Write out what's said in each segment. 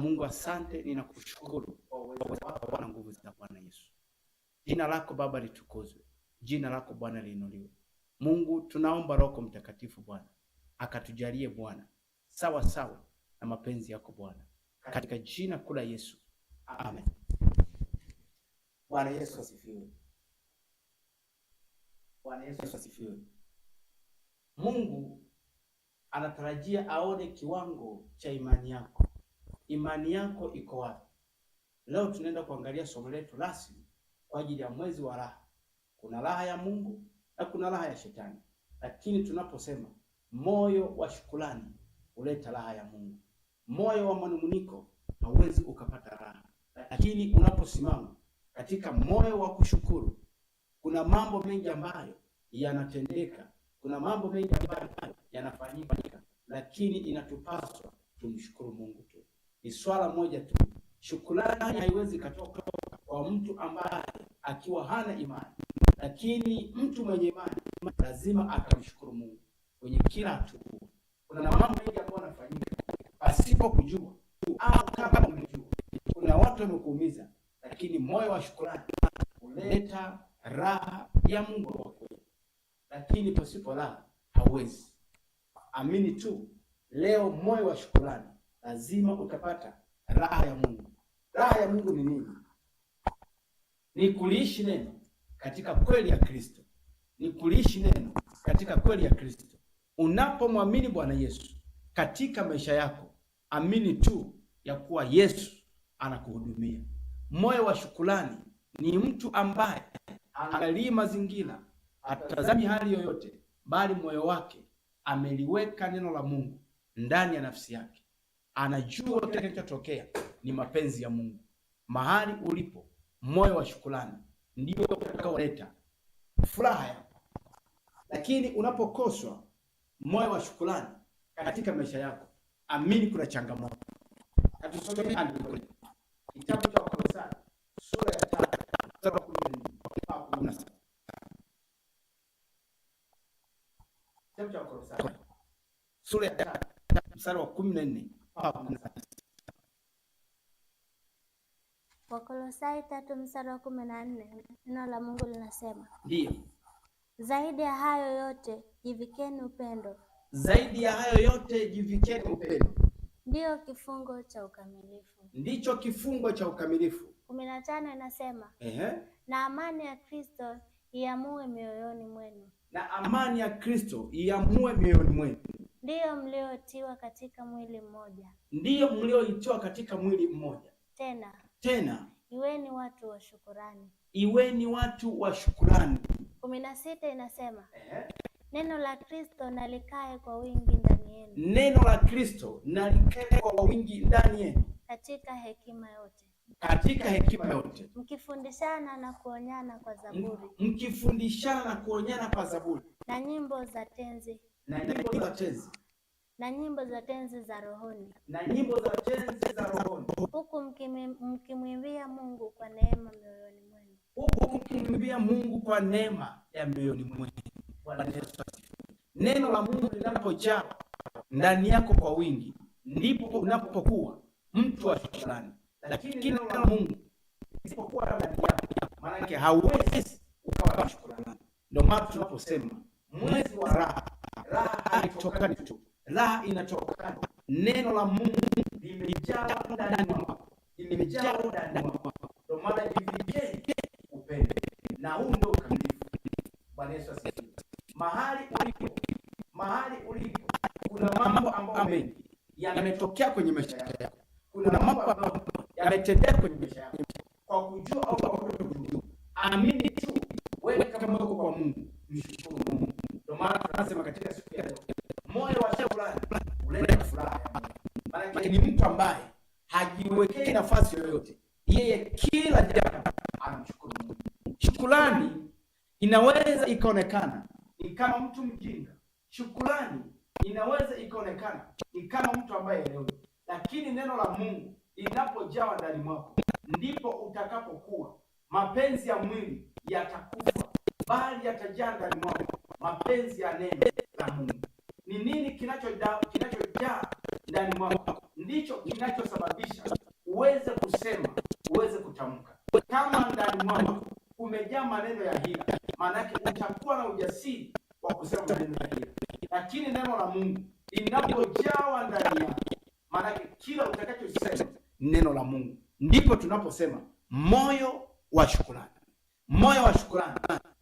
Mungu, asante, ninakushukuru kwa uwezo wako na nguvu za Bwana Yesu. Jina lako Baba litukuzwe, jina lako Bwana liinuliwe. Mungu, tunaomba Roho Mtakatifu Bwana akatujalie Bwana sawa sawa na mapenzi yako Bwana, katika jina kula Yesu, amen. Bwana Yesu asifiwe. Bwana Yesu asifiwe. Mungu anatarajia aone kiwango cha imani yako. Imani yako iko wapi? Leo tunaenda kuangalia somo letu rasmi kwa ajili ya mwezi wa raha. Kuna raha ya Mungu na kuna raha ya Shetani, lakini tunaposema moyo wa shukrani huleta raha ya Mungu. Moyo wa manunguniko hauwezi ukapata raha, lakini unaposimama katika moyo wa kushukuru, kuna mambo mengi ambayo yanatendeka, kuna mambo mengi ambayo yanafanyika, lakini inatupaswa tumshukuru Mungu tu ni swala moja tu. Shukrani haiwezi katoka kwa mtu ambaye akiwa hana imani, lakini mtu mwenye imani lazima akamshukuru Mungu kwenye kila hatua. Kuna mambo mengi ambayo yanafanyika pasipo kujua au kama umejua. Kuna watu wamekuumiza, lakini moyo wa shukrani huleta raha ya Mungu wa kweli, lakini pasipo raha hauwezi amini. Tu leo moyo wa shukrani lazima utapata raha ya Mungu. Raha ya Mungu ni nini? Ni kuliishi neno katika kweli ya Kristo, ni kuliishi neno katika kweli ya Kristo. Unapomwamini Bwana Yesu katika maisha yako, amini tu ya kuwa Yesu anakuhudumia. Moyo wa shukulani ni mtu ambaye angalii mazingira, atazami hali yoyote, bali moyo wake ameliweka neno la Mungu ndani ya nafsi yake anajua kile kilichotokea ni mapenzi ya Mungu. Mahali ulipo, moyo wa shukrani ndio utakaoleta furaha yako, lakini unapokoswa moyo wa shukrani katika maisha yako, amini kuna changamoto. andiko kitabu cha Wakolosai sura ya sura ya tatu mstari wa kumi na nne Wakolosai tatu mstari wa kumi na nne neno la Mungu linasema ndiyo, zaidi ya hayo yote jivikeni upendo. Zaidi ya hayo yote jivikeni upendo, ndiyo kifungo cha ukamilifu, ndicho kifungo cha ukamilifu. kumi na tano inasema ehe, na amani ya Kristo iamue mioyoni mwenu, na amani ya Kristo iamue mioyoni mwenu Ndiyo mlioitiwa katika mwili mmoja. Ndiyo mlioitiwa katika mwili mmoja. Tena. Tena. Iweni watu wa shukurani. Iweni watu wa shukurani. Kumi na sita inasema eh? Neno la Kristo nalikae kwa wingi ndani yenu. Neno la Kristo nalikae kwa wingi ndani yenu. Katika hekima yote. Katika hekima yote. Mkifundishana na kuonyana kwa zaburi. Mkifundishana na kuonyana kwa zaburi. Na nyimbo za tenzi. Na nyimbo za tenzi na nyimbo za tenzi za rohoni, na nyimbo za tenzi za rohoni, huku mkimwimbia Mungu kwa neema mioyoni mwenu, huku mkimwimbia Mungu kwa neema ya mioyoni mwenu. Bwana Yesu asifiwe. Neno la Mungu linapojaa ndani yako kwa wingi, ndipo unapokuwa mtu wa shukrani, lakini neno la Mungu isipokuwa ndani yako, maana yake hauwezi ukawa shukrani. Ndio maana tunaposema mwezi wa raha, raha haitokani tu Raha inatoka neno la Mungu limejaa ndani mwako, limejaa ndani mwako, ndio maana jivilikeni upendo, na huu ndio ukamilifu. Bwana Yesu asifiwe. Mahali ulipo, mahali ulipo, kuna mambo ambayo mengi yametokea kwenye maisha yako, kuna mambo ambayo yametendeka kwenye maisha yako kwa kujua au kwa kutokujua. Amini tu wewe, kama uko kwa Mungu, mshukuru. haitaki nafasi yoyote, yeye kila jambo anamshukuru Mungu. Shukrani inaweza ikaonekana ni kama mtu mjinga, shukrani inaweza ikaonekana ni kama mtu ambaye elewi, lakini neno la Mungu linapojawa ndani mwako, ndipo utakapokuwa. Mapenzi ya mwili yatakufa, bali yatajaa ndani mwako mapenzi ya neno la Mungu. Ni nini kinachojaa kinachojaa ndani mwako ndicho kinachosababisha uweze kusema, uweze kutamka. Kama ndani mwako umejaa maneno ya hila, maanake utakuwa na ujasiri wa kusema maneno ya hila. Lakini neno la Mungu linapojawa ndani yako, maanake kila utakachosema neno la Mungu, ndipo tunaposema moyo wa shukrani. Moyo wa shukrani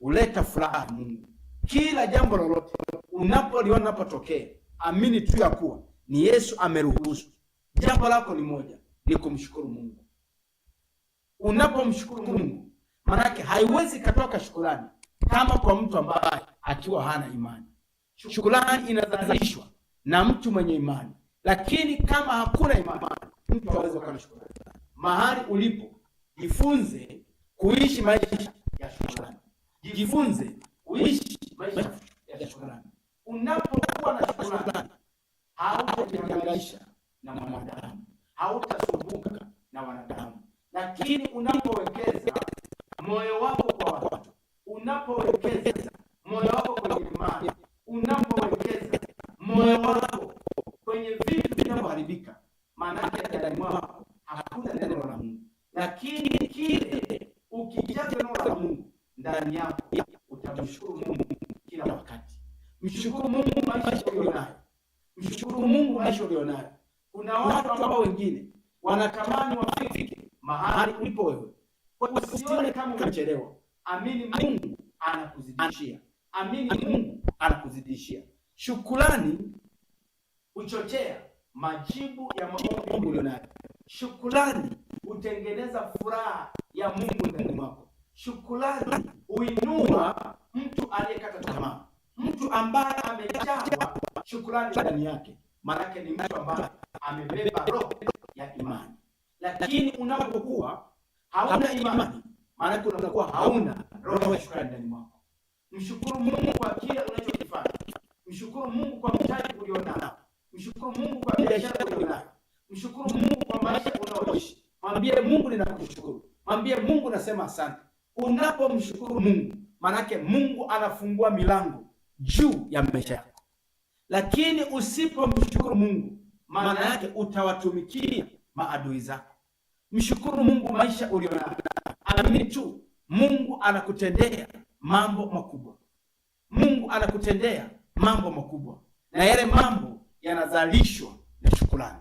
huleta furaha ya Mungu. Kila jambo lolote unapoliona unapotokea, amini tu ya kuwa ni Yesu ameruhusu. Jambo lako ni moja ni kumshukuru Mungu. Unapomshukuru Mungu, manake haiwezi katoka shukurani kama kwa mtu ambaye akiwa hana imani. Shukurani inadhalilishwa na mtu mwenye imani, lakini kama hakuna imani mtu hawezi kuwa na shukurani. Mahali ulipo, jifunze kuishi maisha ya shukurani, jifunze kuishi maisha ya shukurani. Unapokuwa na shukurani, hautajiangaisha na mwanadamu hautasumbuka na wanadamu. Lakini unapowekeza moyo wako kwa watu, unapowekeza moyo wako kwenye imani, unapowekeza moyo wako kwenye vitu vinavyoharibika, maana yake ndani mwako hakuna neno la Mungu. Lakini kile ukijaza neno la Mungu ndani yako, utamshukuru Mungu kila wakati. Mshukuru Mungu maisha ulionayo, mshukuru Mungu maisha ulionayo kuna watu ambao wengine wanatamani wafike mahali ulipo wewe. Kwa hiyo usione kama umechelewa, amini Mungu anakuzidishia, amini Mungu anakuzidishia. Shukrani huchochea majibu ya maombi ulionayo. Shukrani hutengeneza furaha ya Mungu ndani mwako. Shukrani huinua mtu aliyekata tamaa, mtu ambaye amejawa shukrani ndani yake maanake ni mtu ambaye amebeba roho ya imani. Lakini unapokuwa hauna imani, maanake unakuwa hauna roho ya shukrani ndani mwako. Mshukuru Mungu kwa kila unachokifanya. Mshukuru Mungu kwa mtaji ulionao. Mshukuru Mungu kwa biashara ulionayo. Mshukuru Mungu kwa maisha unaoishi. Mwambie Mungu, ninakushukuru. Mwambie Mungu, nasema asante. Unapomshukuru Mungu, maanake Mungu anafungua milango juu ya maisha yako lakini usipomshukuru Mungu, maana yake utawatumikia maadui zako. Mshukuru Mungu maisha uliyonayo, amini tu Mungu anakutendea mambo makubwa. Mungu anakutendea mambo makubwa, na yale mambo yanazalishwa na shukrani.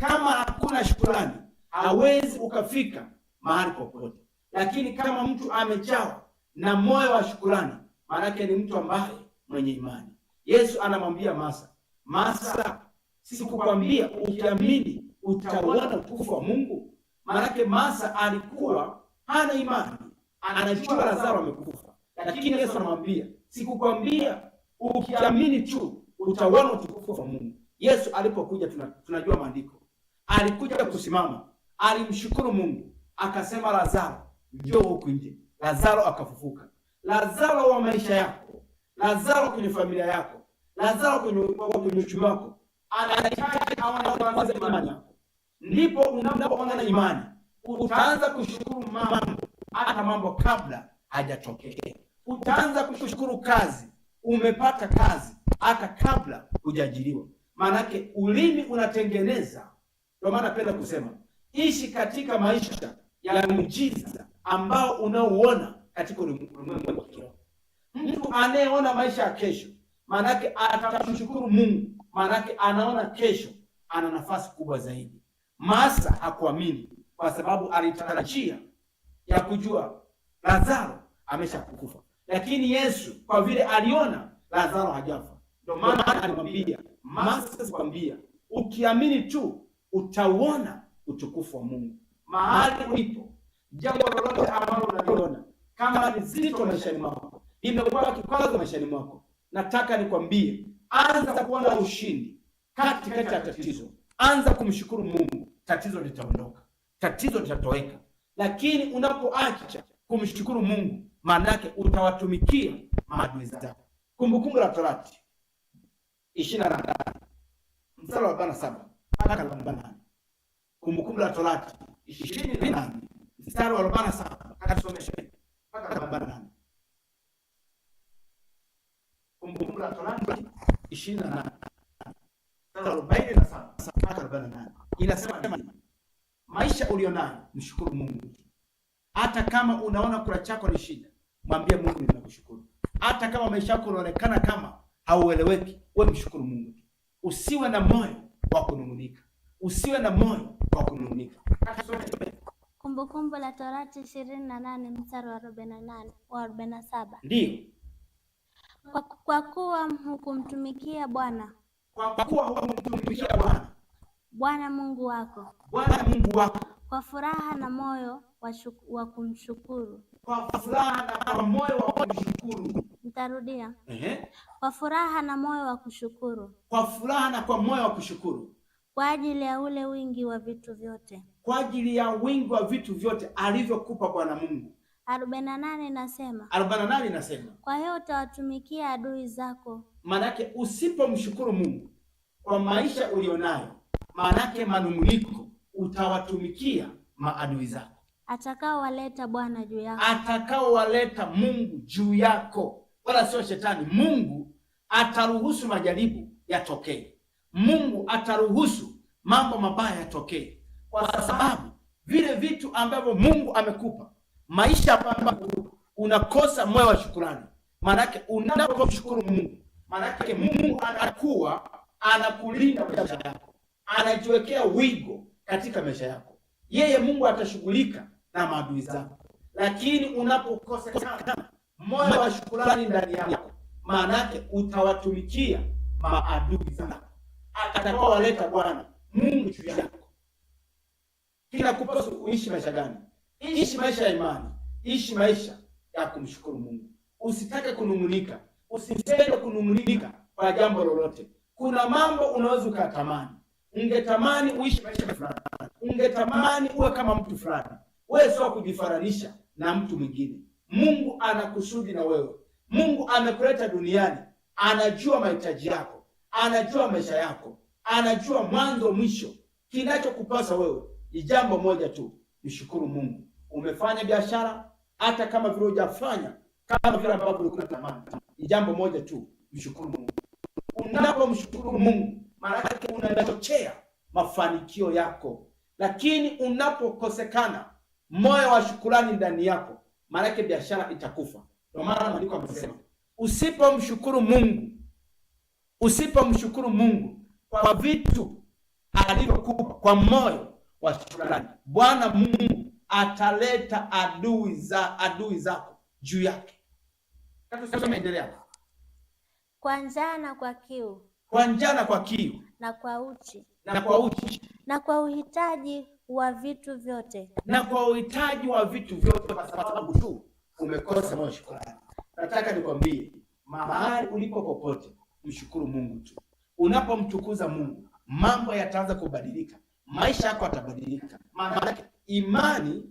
Kama hakuna shukrani, hawezi ukafika mahali popote. Lakini kama mtu amejawa na moyo wa shukrani, maanake ni mtu ambaye mwenye imani. Yesu anamwambia Masa, Masa, sikukwambia ukiamini utauona utukufu wa Mungu? Maanake Masa alikuwa hana imani, anajua Lazaro amekufa, lakini Yesu anamwambia sikukwambia ukiamini tu utauona utukufu wa Mungu. Yesu alipokuja, tunajua maandiko, alikuja kusimama, alimshukuru Mungu, akasema Lazaro, njoo huku nje. Lazaro akafufuka. Lazaro wa maisha yako lazaro kwenye familia yako, lazaro kwenye uchumi wako, anahitaji aone imani yako. Ndipo unapoona na imani utaanza kushukuru mambo, hata mambo kabla hajatokea. Utaanza kushukuru kazi, umepata kazi hata kabla hujajiriwa. Maanake ulimi unatengeneza. Ndio maana napenda kusema ishi katika maisha ya miujiza ambao unaouona katika ulimwengu wa kiroho. Mtu anayeona maisha ya kesho, maanake atamshukuru Mungu, maanake anaona kesho ana nafasi kubwa zaidi. Masa hakuamini kwa sababu alitarajia ya kujua Lazaro ameshakufa, lakini Yesu kwa vile aliona Lazaro hajafa, ndio maana alimwambia Masa, sikwambia ukiamini tu utauona utukufu wa Mungu mahali ulipo. Jambo lolote ambalo unaliona kama ni zito maishani mwako imekuwa kikwazo maishani mwako, nataka nikwambie, anza kuona ushindi katikati ya tatizo. Anza kumshukuru Mungu, tatizo litaondoka, tatizo litatoweka. Lakini unapoacha kumshukuru Mungu, maana utawatumikia maadui zako. Kumbukumbu la Torati ishirini na nane mstari wa arobaini na saba mpaka arobaini na nane Kumbukumbu la Torati ishirini na nane mstari wa arobaini na saba mpaka arobaini na nane la Torati ishirini na arobaini na saba arobaini na nane inasema maisha ulio nayo mshukuru Mungu. Hata kama unaona kula chako ni shida, mwambie Mungu ninakushukuru. Hata kama maisha yako unaonekana kama haueleweki, we mshukuru Mungu. Usiwe na moyo wa kunungunika, usiwe na moyo wa kunungunika. Kumbukumbu la Torati ishirini na nane mstari wa arobaini na nane wa arobaini na saba ndio kwa kwa kuwa hukumtumikia Bwana kwa kuwa hukumtumikia Bwana Bwana Mungu wako Bwana Mungu wako kwa furaha na moyo wa, wa kumshukuru kwa furaha na moyo wa kumshukuru. Nitarudia. Ehe. Kwa furaha na moyo wa kushukuru kwa furaha na kwa moyo wa kushukuru kwa ajili ya ule wingi wa vitu vyote kwa ajili ya wingi wa vitu vyote alivyokupa Bwana Mungu arobaini na nane inasema arobaini na nane inasema kwa hiyo utawatumikia adui zako. Maanake usipomshukuru Mungu kwa maisha ulionayo, maanake manunguniko, utawatumikia maadui zako atakaowaleta Bwana juu yako, atakaowaleta Mungu juu yako, wala sio shetani. Mungu ataruhusu majaribu yatokee, Mungu ataruhusu mambo mabaya yatokee, kwa sababu vile vitu ambavyo Mungu amekupa maisha kwamba unakosa moyo wa shukurani. Maanake unapomshukuru Mungu, maanake Mungu anakuwa anakulinda maisha yako, anajiwekea wigo katika maisha yako. Yeye Mungu atashughulika na maadui zako, lakini unapokosa moyo wa shukurani ndani yako, maanake utawatumikia maadui zako waleta Bwana Mungu juu yako. Kinakuhusu uishi maisha gani? Ishi maisha ya imani, ishi maisha ya kumshukuru Mungu. Usitake kunung'unika, usipende kunung'unika kwa jambo lolote. Kuna mambo unaweza ukatamani, ungetamani uishi maisha fulani, ungetamani uwe kama mtu fulani. Wewe sio kujifaranisha na mtu mwingine. Mungu anakusudi na wewe. Mungu amekuleta duniani, anajua mahitaji yako, anajua maisha yako, anajua mwanzo mwisho. Kinachokupasa wewe ni jambo moja tu, mshukuru Mungu umefanya biashara hata kama vile hujafanya, kama vile ambavyo ulikuwa unatamani. Ni jambo moja tu, mshukuru Mungu. Unapomshukuru Mungu, maana yake unachochea mafanikio yako, lakini unapokosekana moyo wa shukurani ndani yako, maana yake biashara itakufa. Ndio maana maandiko yanasema usipomshukuru Mungu, usipomshukuru Mungu kwa vitu alivyokupa kwa moyo wa shukrani, Bwana Mungu ataleta adui za adui zako juu yake. Endelea. Kwa njaa na kwa kiu, kwa njaa na kwa kiu, na kwa uchi na kwa uchi, na kwa uhitaji wa vitu vyote, na kwa uhitaji wa vitu vyote, kwa sababu tu umekosa moyo shukrani. Nataka nikwambie mahali ulipo popote, mshukuru Mungu tu. Unapomtukuza Mungu, mambo yataanza kubadilika, maisha yako yatabadilika, maana imani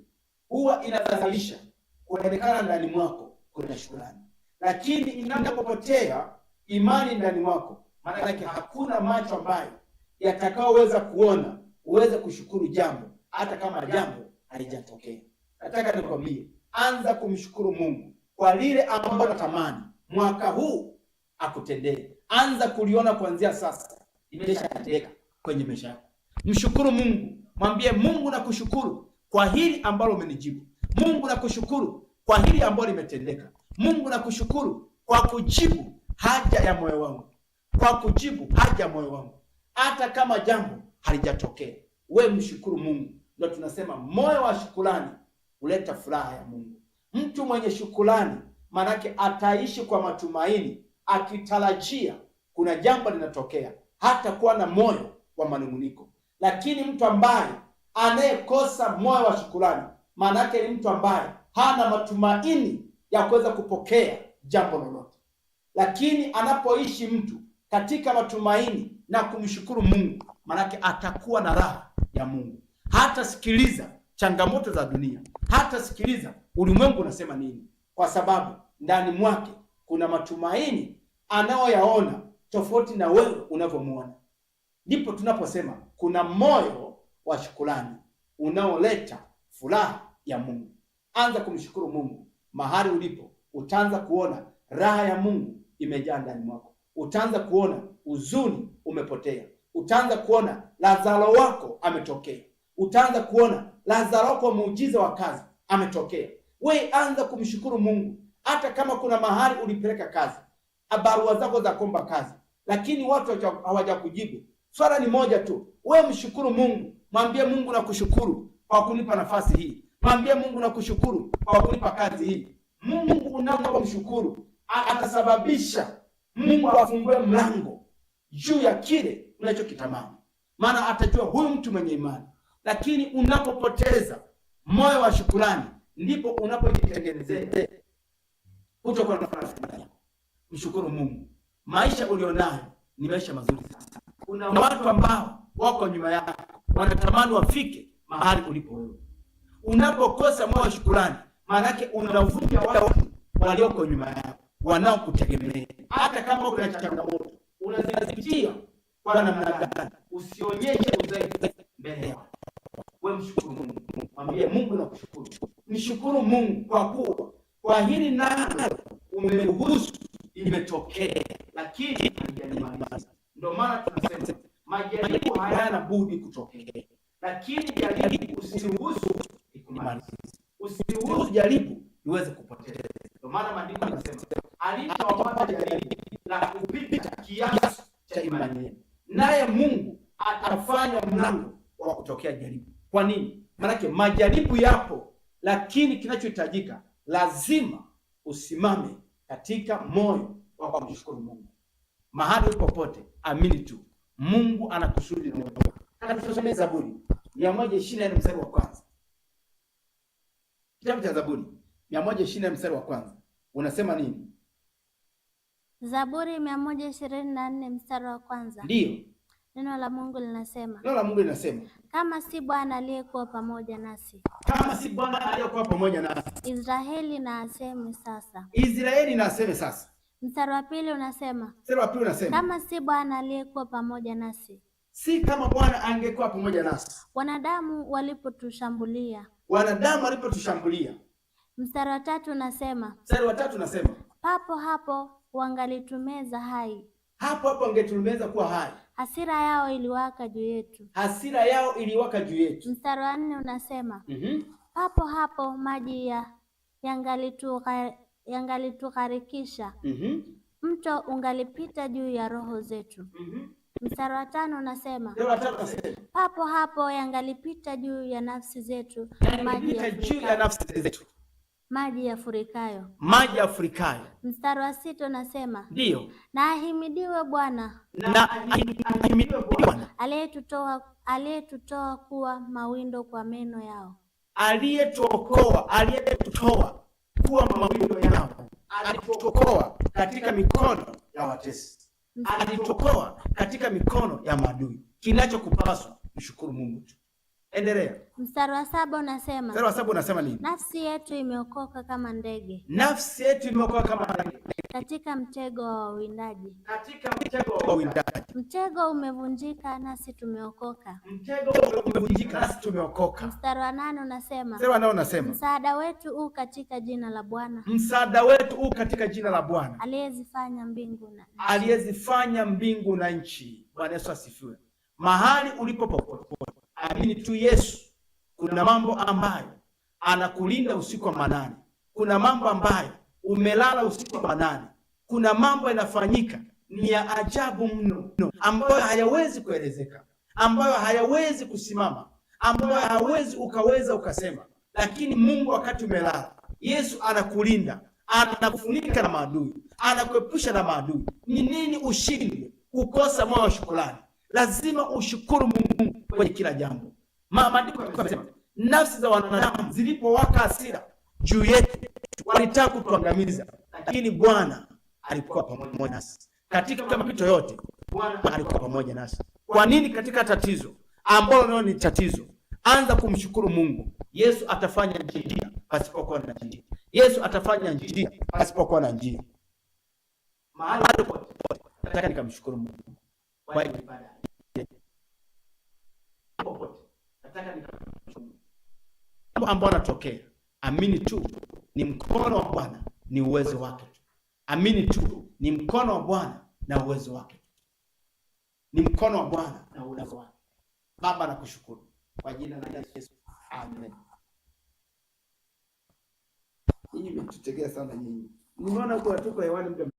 huwa inadhahirisha kuonekana ndani mwako kuna shukrani, lakini inapopotea imani ndani mwako, maana yake hakuna macho ambayo yatakaoweza kuona uweze kushukuru jambo, hata kama jambo halijatokea. Nataka nikwambie, anza kumshukuru Mungu kwa lile ambalo natamani mwaka huu akutendee. Anza kuliona kuanzia sasa, imeshatendeka kwenye maisha yako. Mshukuru Mungu Mwambie Mungu, nakushukuru kwa hili ambalo umenijibu. Mungu, nakushukuru kwa hili ambalo limetendeka. Mungu, nakushukuru kwa kujibu haja ya moyo wangu, kwa kujibu haja ya moyo wangu, hata kama jambo halijatokea. We mshukuru Mungu. Ndio tunasema moyo wa shukurani huleta furaha ya Mungu. Mtu mwenye shukurani manake ataishi kwa matumaini, akitarajia kuna jambo linatokea, hata kuwa na moyo wa manunguniko. Lakini mtu ambaye anayekosa moyo wa shukurani, maana yake ni mtu ambaye hana matumaini ya kuweza kupokea jambo lolote. Lakini anapoishi mtu katika matumaini na kumshukuru Mungu, maanake atakuwa na raha ya Mungu. Hatasikiliza changamoto za dunia, hatasikiliza ulimwengu unasema nini, kwa sababu ndani mwake kuna matumaini anayoyaona tofauti na wewe unavyomuona. Ndipo tunaposema kuna moyo wa shukrani unaoleta furaha ya Mungu. Anza kumshukuru Mungu mahali ulipo, utaanza kuona raha ya Mungu imejaa ndani mwako, utaanza kuona uzuni umepotea, utaanza kuona Lazaro wako ametokea, utaanza kuona Lazaro wako muujiza wa kazi ametokea. We anza kumshukuru Mungu, hata kama kuna mahali ulipeleka kazi, barua zako za kuomba kazi, lakini watu hawajakujibu Swala ni moja tu, wewe mshukuru Mungu, mwambie Mungu na kushukuru kwa kunipa nafasi hii, mwambie Mungu na kushukuru kwa kunipa kazi hii. Mungu unapomshukuru atasababisha Mungu afungue mlango juu ya kile unachokitamani, maana atajua huyu mtu mwenye imani. Lakini unapopoteza moyo wa shukurani, ndipo unapojitengenezea kutokuwa na furaha. Mshukuru Mungu, maisha ulionayo ni maisha mazuri sana kuna watu ambao wako nyuma yako, wanatamani wafike mahali ulipo wewe. Unapokosa moyo wa shukurani, maana yake unavunja watu walioko nyuma yako, wanaokutegemea. Hata kama kuna changamoto unazipitia kwa namna gani, usionyeshe uzaifu mbele yao. Wewe mshukuru Mungu, mwambie Mungu nakushukuru, nishukuru Mungu kwa kuwa kwa hili nalo umeruhusu imetokea lakini halijanimaliza. Ndio maana tunasema majaribu hayana budi kutokea, lakini jaribu usiruhusu ikumalize, usiruhusu jaribu iweze kupoteza. Ndio maana maandiko yanasema alipowapa jaribu la kupita kiasi cha imani yenu, naye Mungu atafanya mlango wa kutokea jaribu. Kwa nini? Maanake majaribu yapo, lakini kinachohitajika lazima usimame katika moyo wa kumshukuru Mungu mahali popote, amini tu Mungu ana kusudi na mwanadamu. Anatusomea Zaburi 124 mstari wa kwanza, kitabu cha Zaburi 124 mstari wa kwanza unasema nini? Zaburi 124 mstari wa kwanza, ndiyo neno la Mungu linasema, neno la Mungu linasema, kama si Bwana aliyekuwa pamoja nasi, kama si Bwana aliyekuwa pamoja nasi, Israeli na aseme sasa, Israeli na aseme sasa Mstari wa pili unasema, mstari wa pili unasema, kama si Bwana aliyekuwa pamoja nasi, si kama Bwana angekuwa pamoja nasi, wanadamu walipotushambulia, wanadamu walipotushambulia. Mstari wa tatu unasema, mstari wa tatu unasema, papo hapo wangalitumeza hai, hapo hapo wangetumeza kuwa hai. Hasira yao iliwaka juu yetu, hasira yao iliwaka juu yetu. Mstari wa nne unasema, mm -hmm. papo hapo maji ya yangalitugharimu yangalituharikisha mm -hmm. mto ungalipita juu ya roho zetu mm -hmm. Mstari wa tano unasema papo hapo yangalipita juu ya nafsi zetu maji yafurikayo, maji yafurikayo, maji yafurikayo. Mstari wa sita unasema ndio, na ahimidiwe Bwana, na ahimidiwe Bwana aliyetutoa aliyetutoa kuwa mawindo kwa meno yao, aliyetuokoa aliyetutoa alichukua mawindo yako. Alitokoa katika mikono ya watesi, alitokoa katika mikono ya maadui. Kinachokupaswa mshukuru Mungu tu. Endelea. Mstari wa saba unasema. Mstari wa saba unasema nini? Nafsi yetu imeokoka kama ndege. Nafsi yetu imeokoka kama ndege. Katika mtego wa wawindaji. Katika mtego wa wawindaji. Mtego umevunjika nasi tumeokoka. Mtego umevunjika nasi tumeokoka. Mstari wa nane unasema. Mstari wa nane unasema. Msaada wetu u katika jina la Bwana. Msaada wetu u katika jina la Bwana. Aliyezifanya mbingu na nchi. Aliyezifanya mbingu na nchi. Bwana Yesu asifiwe. Mahali ulipo popote amini tu Yesu. Kuna mambo ambayo anakulinda usiku wa manane, kuna mambo ambayo umelala usiku wa manane, kuna mambo yanafanyika ni ya ajabu mno, ambayo hayawezi kuelezeka, ambayo hayawezi kusimama, ambayo hawezi ukaweza ukasema, lakini Mungu wakati umelala, Yesu anakulinda, anakufunika na maadui, anakuepusha na maadui. Ni nini ushindwe? Kukosa moyo wa shukrani lazima ushukuru Mungu kwenye kila jambo. Maandiko yamesema nafsi za wanadamu zilipowaka hasira juu yetu, walitaka kutuangamiza, lakini Bwana alikuwa pamoja nasi katika mapito yote. Bwana alikuwa pamoja nasi. Kwa nini? Katika tatizo ambalo nao ni tatizo, anza kumshukuru Mungu. Yesu atafanya njia pasipokuwa na njia. Yesu atafanya njia pasipokuwa na njia. Mahali popote nataka nikamshukuru Mungu kwa ibada. Popote nataka nikamshukuru mambo ambayo yanatokea, amini tu ni mkono wa Bwana, ni uwezo wake tu. Amini tu ni mkono wa Bwana na uwezo wake tu, ni mkono wa Bwana na uwezo wake. Baba, nakushukuru kwa jina la Yesu, amen. Nyinyi mmetutegea sana nyinyi, nimeona kwa tuko hewani mda